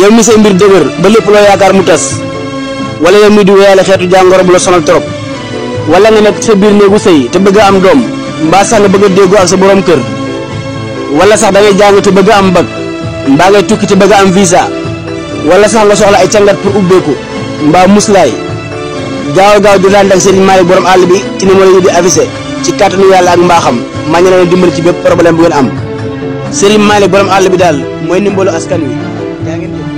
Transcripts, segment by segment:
yow mi say mbir deuguer ba lepp lo yaakar mu tass wala yow mi di wéyale xeetu jangoro bu la sonal torop wala nga nek sa bir neegu sey te bëgg am dom mba sax nga bëgg ak sa borom kër wala sax da ngay jàng te bëgg am mba ngay tukki te bëgg am visa wala sax la soxla ay cangat pour ubbeeku mba muslay gaaw gaaw di daan ak sëriñ Maalik borom all bi ci ni mo la di avisé ci kàttanu yalla ak mbaxam ma ñu la dimbal ci bëpp problème bu ngeen am sëriñ malik borom àll bi daal mooy askan wi bilangin tuh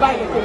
bay cùng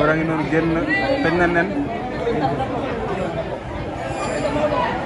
Barang ini gen, penan nen.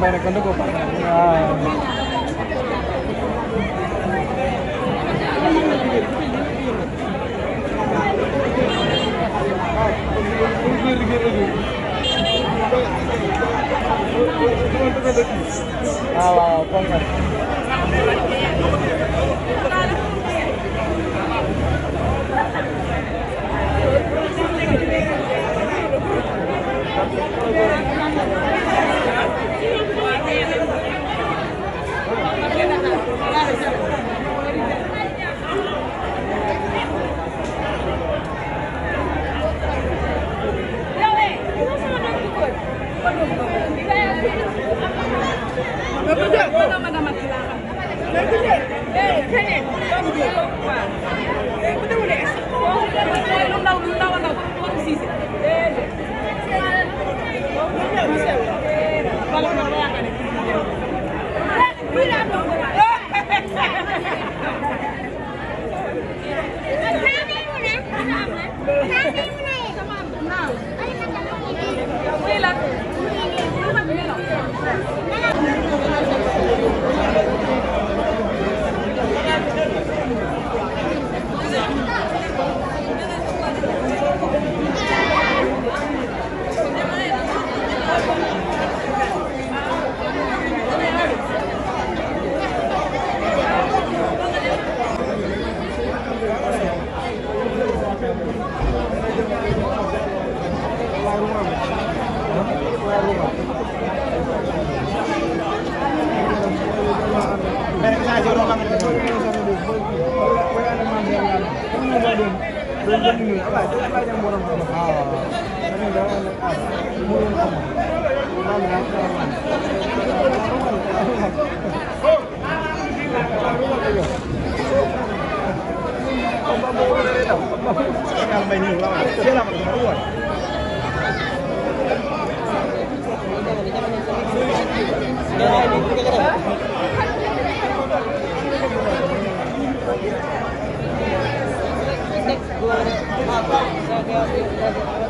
sampai naik kondok mình nhiều lắm thế là mình không uổng Thank you. يا رب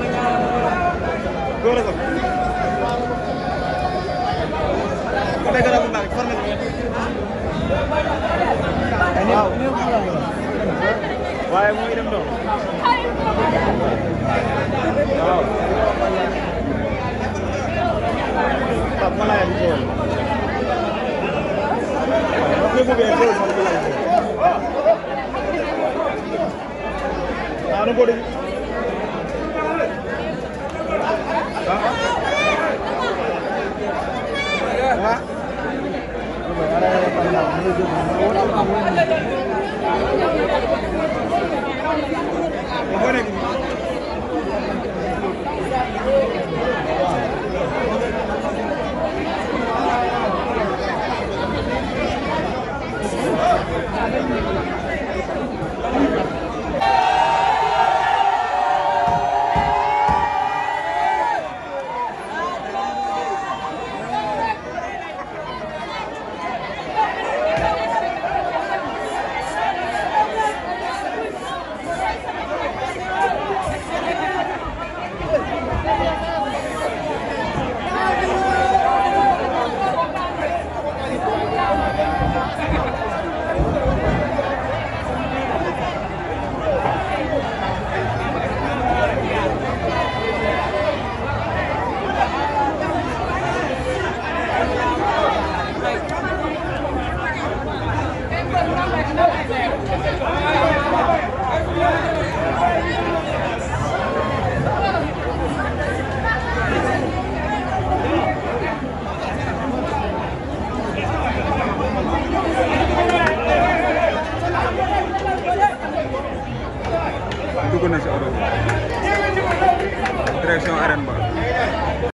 Ahora con...